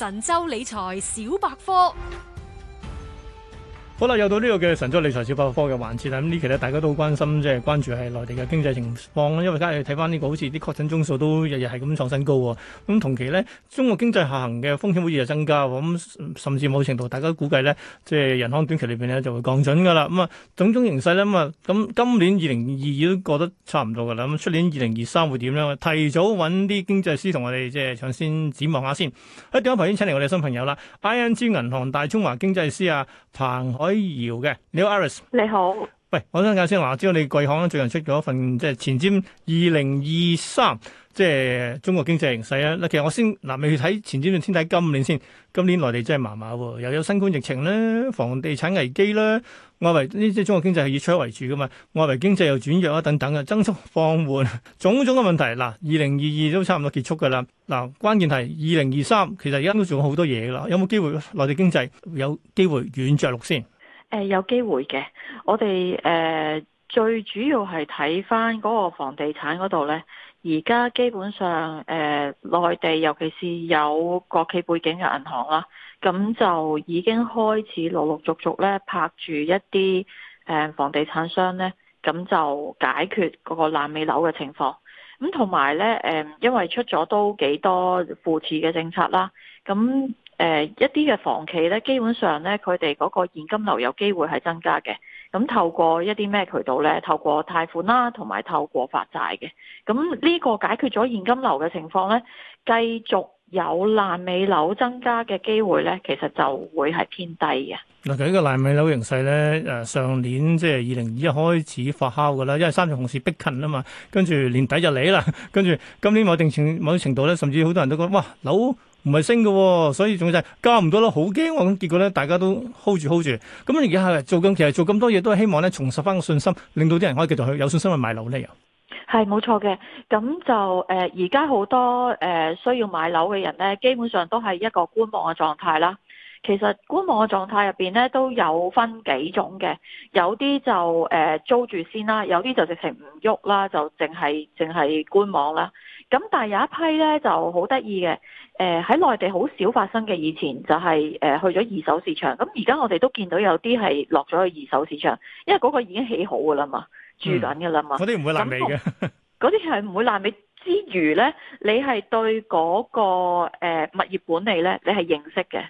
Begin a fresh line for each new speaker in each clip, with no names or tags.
神州理財小百科。
好啦，又到呢個嘅神州理財小百科嘅環節啦。咁呢期咧，大家都好關心，即係關注係內地嘅經濟情況啦。因為家下睇翻呢個，好似啲確診宗數都日日係咁創新高喎。咁同期咧，中國經濟下行嘅風險好似又增加。咁甚至某程度，大家估計咧，即係銀行短期裏邊咧就會降準㗎啦。咁啊，種種形勢咧，咁啊，咁今年二零二二都過得差唔多㗎啦。咁出年二零二三會點咧？提早揾啲經濟師同我哋即係搶先展望下先。喺電話旁邊請嚟我哋新朋友啦，ING 銀行大中華經濟師啊。彭藹嬈。需要嘅，你好 Iris，你好。Iris、你好喂，我想解釋下，知道你貴行最近出咗一份即係、就是、前瞻二零二三，即係中國經濟形勢啊。嗱，其實我先嗱，你睇前瞻先睇今年先，今年內地真係麻麻，又有新冠疫情咧，房地產危機咧，外圍呢即係中國經濟係以出為主噶嘛，外圍經濟又轉弱啊，等等啊，增速放緩，種種嘅問題。嗱，二零二二都差唔多結束噶啦。嗱，關鍵係二零二三，其實而家都做咗好多嘢啦，有冇機會內地經濟有機會軟着陸先？
誒、呃、有機會嘅，我哋誒、呃、最主要係睇翻嗰個房地產嗰度呢，而家基本上誒、呃、內地尤其是有國企背景嘅銀行啦，咁就已經開始陸陸續續呢拍住一啲誒、呃、房地產商呢，咁就解決嗰個爛尾樓嘅情況。咁同埋呢，誒、呃，因為出咗都幾多扶持嘅政策啦，咁。誒、呃、一啲嘅房企咧，基本上咧佢哋嗰個現金流有機會係增加嘅。咁、嗯、透過一啲咩渠道咧？透過貸款啦、啊，同埋透過發債嘅。咁、嗯、呢、這個解決咗現金流嘅情況咧，繼續有爛尾樓增加嘅機會咧，其實就會係偏低嘅。
嗱、啊，佢呢個爛尾樓形勢咧，誒、呃、上年即係二零二一開始發酵㗎啦，因為三條紅線逼近啊嘛，跟住年底就嚟啦，跟住今年某定程某程度咧，甚至好多人都覺得：「哇樓唔係陞嘅、哦，所以重要就係交唔到啦，好驚啊！咁結果咧，大家都 hold 住 hold 住，咁而家係做緊，其實做咁多嘢都係希望咧，重拾翻個信心，令到啲人可以繼續去有信心去買樓咧。又
係冇錯嘅，咁就誒而家好多誒、呃、需要買樓嘅人咧，基本上都係一個觀望嘅狀態啦。其實觀望嘅狀態入邊咧，都有分幾種嘅，有啲就誒、呃、租住先啦，有啲就直情唔喐啦，就淨係淨係觀望啦。咁但係有一批咧就好得意嘅，誒、呃、喺內地好少發生嘅，以前就係、是、誒、呃、去咗二手市場。咁而家我哋都見到有啲係落咗去二手市場，因為嗰個已經起好嘅啦嘛，嗯、住緊嘅啦嘛。嗰啲唔會爛尾嘅，嗰啲係唔會爛尾之餘咧，你係對嗰、那個、呃、物業管理咧，你係認識嘅，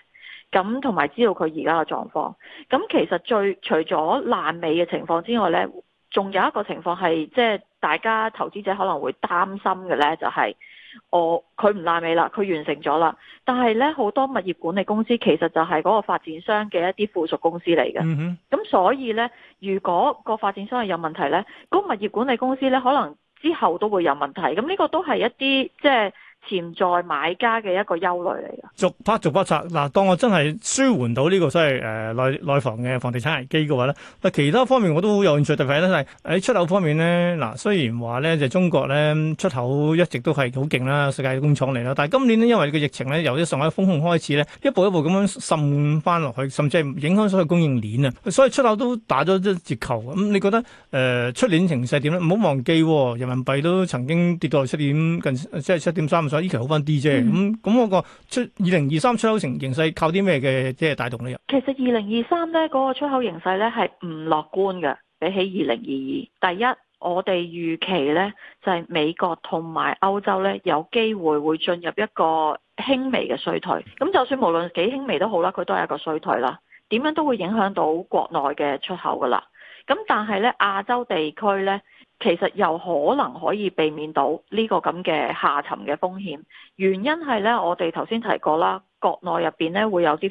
咁同埋知道佢而家嘅狀況。咁其實最除咗爛尾嘅情況之外咧。仲有一個情況係，即係大家投資者可能會擔心嘅、就係哦、呢，就係我佢唔爛尾啦，佢完成咗啦。但係呢，好多物業管理公司其實就係嗰個發展商嘅一啲附屬公司嚟嘅。咁、嗯、哼所以呢，如果個發展商係有問題呢，嗰物業管理公司呢，可能之後都會有問題。咁呢個都係一啲即係潛在買家嘅
一個憂慮嚟嘅，逐筆逐筆拆。嗱，當我真係舒緩到呢個所謂誒、呃、內內房嘅房地產危機嘅話咧，嗱，其他方面我都好有興趣。特別咧就係喺出口方面咧，嗱，雖然話咧就中國咧出口一直都係好勁啦，世界嘅工廠嚟啦，但係今年咧因為個疫情咧，由啲上海封控開始咧，一步一步咁樣滲翻落去，甚至係影響所有供應鏈啊，所以出口都打咗啲折扣。咁、嗯、你覺得誒出、呃、年形勢點咧？唔好忘記、哦，人民幣都曾經跌到七點近，即係七點三。所以依期好翻啲啫，咁咁嗰個出二零二三出口成形勢靠啲咩嘅即係帶動呢？
其實二零二三咧嗰個出口形勢咧係唔樂觀嘅，比起二零二二。第一，我哋預期咧就係、是、美國同埋歐洲咧有機會會進入一個輕微嘅衰退。咁就算無論幾輕微都好啦，佢都係一個衰退啦。點樣都會影響到國內嘅出口噶啦。咁但係咧亞洲地區咧。其實又可能可以避免到呢個咁嘅下沉嘅風險，原因係呢，我哋頭先提過啦，國內入邊呢會有啲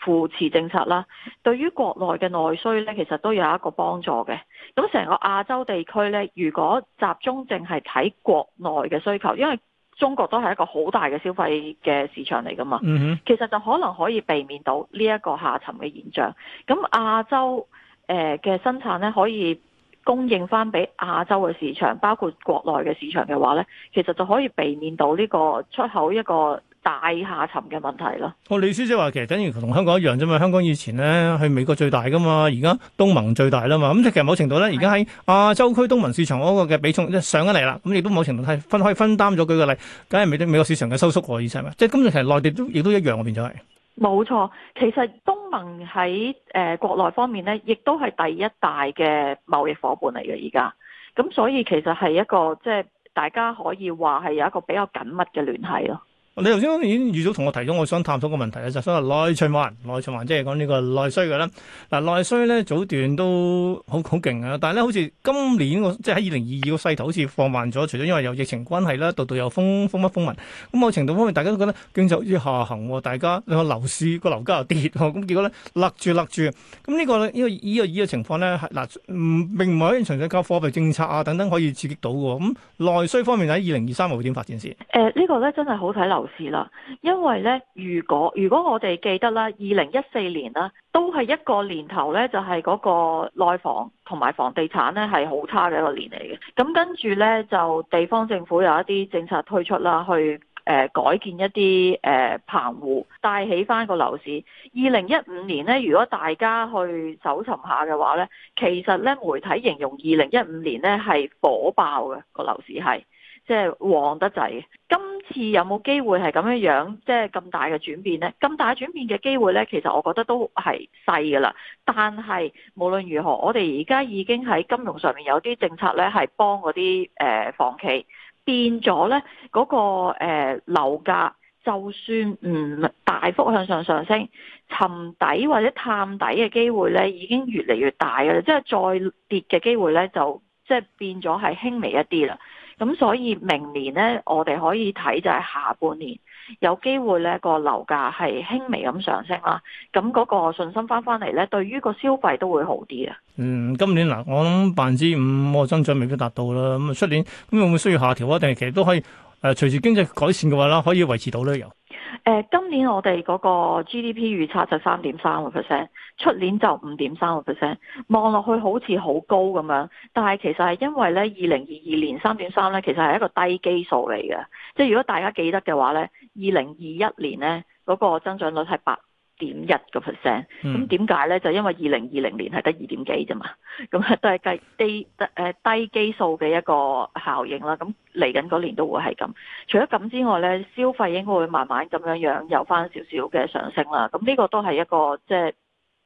扶持政策啦，對於國內嘅內需呢，其實都有一個幫助嘅。咁成個亞洲地區呢，如果集中淨係睇國內嘅需求，因為中國都係一個好大嘅消費嘅市場嚟㗎嘛，其實就可能可以避免到呢一個下沉嘅現象。咁亞洲誒嘅生產呢，可以。供應翻俾亞洲嘅市場，包括國內嘅市場嘅話咧，其實就可以避免到呢個出口一個大下沉嘅問題咯。
我、哦、李小姐話，其實等於同香港一樣啫嘛。香港以前咧去美國最大噶嘛，而家東盟最大啦嘛。咁即其實某程度咧，而家喺亞洲區東盟市場嗰個嘅比重即上咗嚟啦。咁亦都某程度係分可以分擔咗佢個例，梗係美美美國市場嘅收縮個意思係咪？即、就、係、是、今日其實內地都亦都一樣，變咗係。
冇錯，其實東盟喺誒、呃、國內方面咧，亦都係第一大嘅貿易夥伴嚟嘅。而家咁，所以其實係一個即係、就是、大家可以話係有一個比較緊密嘅聯繫咯。
你頭先已經預早同我提咗，我想探討個問題咧，就係所謂內循環。內循環即係講呢個內需嘅啦。嗱，內需咧，早段都好好勁啊，但係咧好似今年即係喺二零二二個勢頭，好似放慢咗。除咗因為有疫情關係啦，度度有風風乜風雲咁，某程度方面，大家都覺得經濟好似下行。大家個樓市個樓價又跌，咁結果咧勒住勒住。咁呢、呢個呢個呢個呢個情況咧係嗱，唔並唔可以純粹交貨幣政策啊等等可以刺激到嘅。咁內需方面喺二零二三會點發展先？誒、
欸呢個、呢個咧真係好睇樓。樓市啦，因為呢，如果如果我哋記得啦，二零一四年啦，都係一個年頭呢，就係、是、嗰個內房同埋房地產呢，係好差嘅一個年嚟嘅。咁跟住呢，就地方政府有一啲政策推出啦，去誒、呃、改建一啲誒棚戶，帶起翻個樓市。二零一五年呢，如果大家去搜尋下嘅話呢，其實呢，媒體形容二零一五年呢，係火爆嘅個樓市係。即係旺得滯，今次有冇機會係咁樣樣？即係咁大嘅轉變呢？咁大轉變嘅機會呢？其實我覺得都係細噶啦。但係無論如何，我哋而家已經喺金融上面有啲政策呢，係幫嗰啲誒房企，變咗呢嗰個誒樓價，就算唔大幅向上上升，沉底或者探底嘅機會呢，已經越嚟越大嘅，即係再跌嘅機會呢，就即係變咗係輕微一啲啦。咁所以明年咧，我哋可以睇就係下半年有機會咧，個樓價係輕微咁上升啦。咁嗰個信心翻翻嚟咧，對於個消費都會好啲啊。嗯，
今年嗱，我諗百分之五個增長未必達到啦。咁出年咁會唔會需要下調啊？定係其實都可以誒，呃、隨住經濟改善嘅話啦，可以維持到都有。誒、
呃，今年我哋嗰個 GDP 預測就三點三個 percent，出年就五點三個 percent。望落去好似好高咁樣，但係其實係因為咧，二零二二年三點三咧，其實係一個低基數嚟嘅。即係如果大家記得嘅話咧，二零二一年咧嗰個增長率係八。點一個 percent，咁點解呢？就、嗯、因為二零二零年係得二點幾啫嘛，咁係都係低低誒低基數嘅一個效應啦。咁嚟緊嗰年都會係咁。除咗咁之外呢，消費應該會慢慢咁樣樣有翻少少嘅上升啦。咁呢個都係一個即係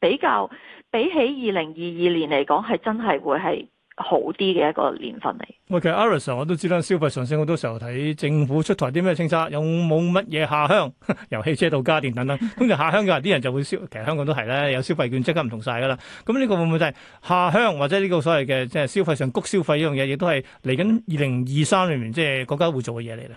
比較比起二零二二年嚟講，係真係會係好啲嘅一個年份嚟。
喂、okay, 啊，其實 Aris 我都知啦，消費上升，好多時候睇政府出台啲咩清差，有冇乜嘢下鄉，由汽車到家電等等。咁就下鄉嘅話，啲人就會消。其實香港都係咧，有消費券即刻唔同晒噶啦。咁呢個會唔會就係下鄉或者呢個所謂嘅即係消費上谷消費呢樣嘢，亦都係嚟緊二零二三年裏面即係國家會做嘅嘢嚟咧？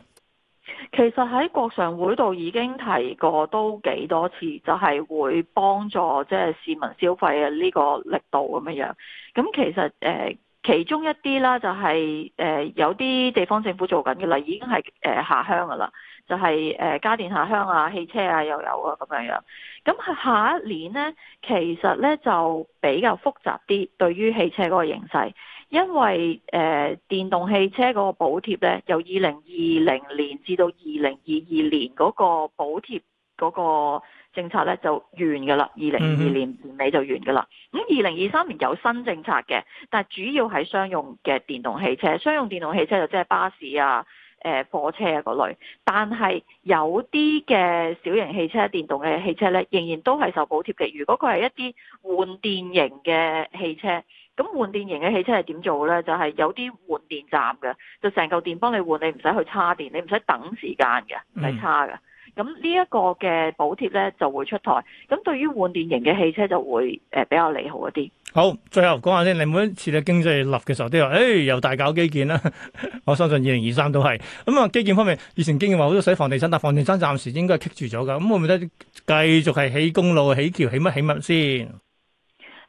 其實喺國常會度已經提過都幾多次，就係、是、會幫助即係市民消費嘅呢個力度咁樣樣。咁其實誒。呃其中一啲啦、就是，就係誒有啲地方政府做緊嘅啦，已經係誒、呃、下鄉嘅啦，就係、是、誒、呃、家電下鄉啊、汽車啊，又有啊咁樣樣。咁下一年呢，其實呢就比較複雜啲，對於汽車嗰個形勢，因為誒、呃、電動汽車嗰個補貼呢，由二零二零年至到二零二二年嗰個補貼。嗰個政策咧就完嘅啦，二零二年年尾就完嘅啦。咁二零二三年有新政策嘅，但係主要係商用嘅電動汽車，商用電動汽車就即係巴士啊、誒貨車啊嗰類。但係有啲嘅小型汽車電動嘅汽車咧，仍然都係受補貼嘅。如果佢係一啲換電型嘅汽車，咁換電型嘅汽車係點做咧？就係、是、有啲換電站嘅，就成嚿電幫你換，你唔使去叉電，你唔使等時間嘅，唔使叉嘅。咁呢一個嘅補貼呢就會出台，咁對於換電型嘅汽車就會誒、呃、比較利好一
啲。好，最後講下先。你每一次嘅經濟立嘅時候都要，都話誒又大搞基建啦。 我相信二零二三都係咁啊。基建方面，以前經常話好多使房地產，但房地產暫時應該係棘住咗噶。咁會唔會得繼續係起公路、起橋、起乜起乜先？誒、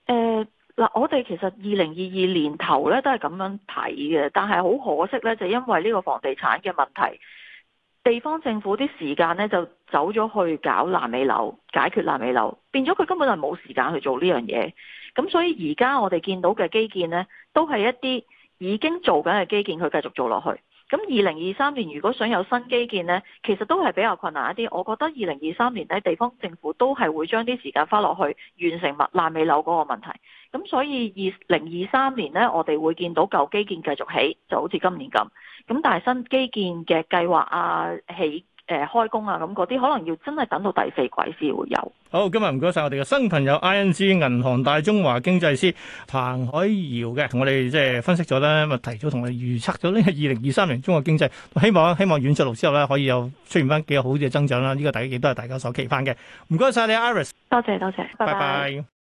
呃，嗱，我哋其實二零二二年頭呢都係咁樣睇嘅，但係好可惜呢，就因為呢個房地產嘅問題。地方政府啲時間咧就走咗去搞爛尾樓，解決爛尾樓，變咗佢根本就冇時間去做呢樣嘢。咁所以而家我哋見到嘅基建咧，都係一啲已經做緊嘅基建，佢繼續做落去。咁二零二三年如果想有新基建呢，其實都係比較困難一啲。我覺得二零二三年呢，地方政府都係會將啲時間花落去完成物爛尾樓嗰個問題。咁所以二零二三年呢，我哋會見到舊基建繼續起，就好似今年咁。咁但係新基建嘅計劃啊，起，誒、呃、開工啊，咁嗰啲可能要真係等到第四季先
會有。好，今日唔該晒，我哋嘅新朋友 ING 銀行大中華經濟師彭藹嬈嘅，同我哋即係分析咗咧，咪提早同我哋預測咗呢個二零二三年中國經濟，希望希望軟著陸之後咧可以有出現翻幾個好嘅增長啦。呢、這個第亦都係大家所期盼嘅。唔該晒，你，Iris 多。多謝 bye bye. 多謝，拜拜。Bye bye.